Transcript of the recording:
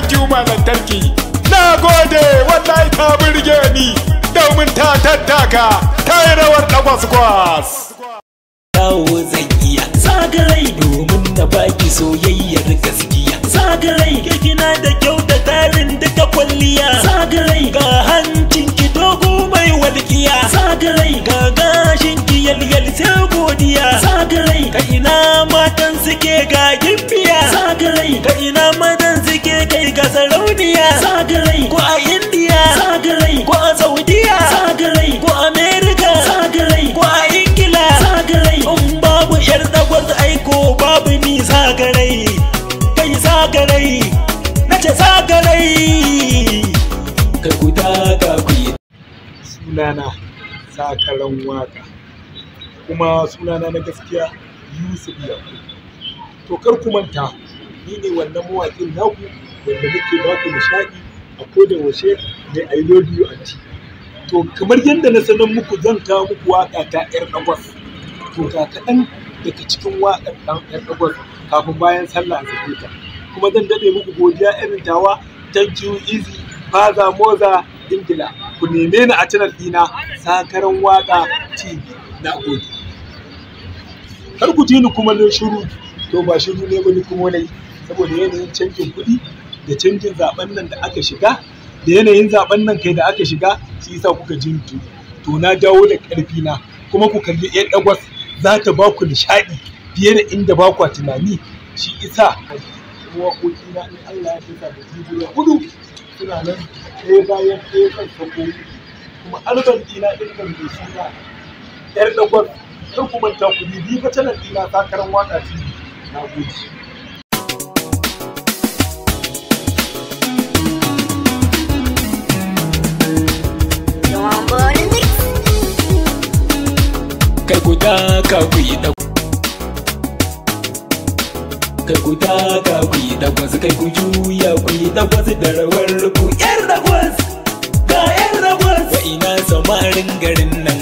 thank you malam tarki na gode wallahi ta burge ni domin ta tattaka ta yi rawar ɗagwas kwas dawo zai iya zagarai domin na baki soyayyar gaskiya zagarai ga gina da kyau da tarin duka kwalliya zagarai ga hancin ki dogo mai walkiya zagarai ga gashin ki yalyal sai godiya zagarai ga ina matan suke ga gimbiya zagarai ga ina matan Amerika Zagarai ko a India? Zagarai ko a Saudiya Zagarai ko Amerika Zagarai ko a Ingila Zagarai in babu yar dagwar aiko babu ni zagarai Kai zagarai nace zagarai Ka guda ka kuyi Sunana sakaran waka kuma sunana na gaskiya Yusuf Yakubu to kar ku manta ni ne wannan mawaƙin naku wanda muke ba ku nishaɗi a koda washe mai I love you ci. To kamar yadda na sanar muku zan kawo muku waka ta ƴar ɗagwas. To ga kaɗan daga cikin waƙar ɗan ƴar ɗagwas kafin bayan sallah a ta. Kuma zan daɗe muku godiya irin tawa thank you easy faza moza ingila ku neme ni a canal ɗina sakaran waƙa tv na gode. Kar ku ji ni kuma na shiru to ba shiru ne ba ni kuma wani saboda yanayin canjin kuɗi da canjin zaben nan da aka shiga da yanayin zaben nan kai da aka shiga shi yasa kuka jintu to na dawo da karfi na kuma ku kalli ƴan dagwas za ta ba ku nishaɗi fiye da inda ba ku tunani shi isa Kuma na in Allah ya saka da jibi da hudu suna nan ɗaya bayan ɗaya kan sako kuma alban ɗina din kan mai suna ƴar dagwas kar ku manta ku bibi tana dina ɗina sakaran waƙa tv na gode taka ku yi da kai ku taka ku yi da kwasu kai ku juya ku yi da kwasu da rawar ku yar da kwasu ga yar da kwasu wa ina samarin garin nan